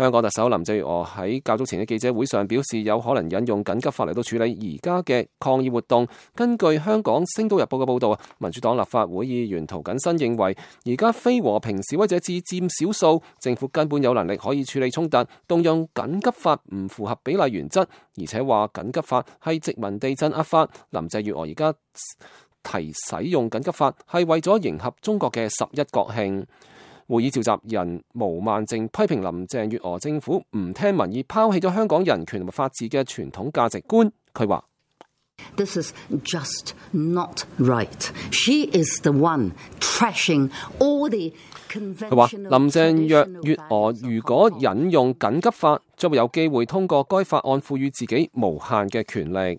香港特首林鄭月娥喺較早前嘅記者會上表示，有可能引用緊急法嚟到處理而家嘅抗議活動。根據香港《星島日報》嘅報道，民主黨立法會議員涂謹申認為，而家非和平示威者只佔少數，政府根本有能力可以處理衝突，動用緊急法唔符合比例原則，而且話緊急法係殖民地鎮壓法。林鄭月娥而家提使用緊急法係為咗迎合中國嘅十一國慶。會議召集人毛萬靜批評林鄭月娥政府唔聽民意，拋棄咗香港人權同埋法治嘅傳統價值觀。佢話：佢話、This is just not right. She is the one trashing all the conventional. 林鄭若月娥如果引用緊急法，將會有機會通過該法案，賦予自己無限嘅權力。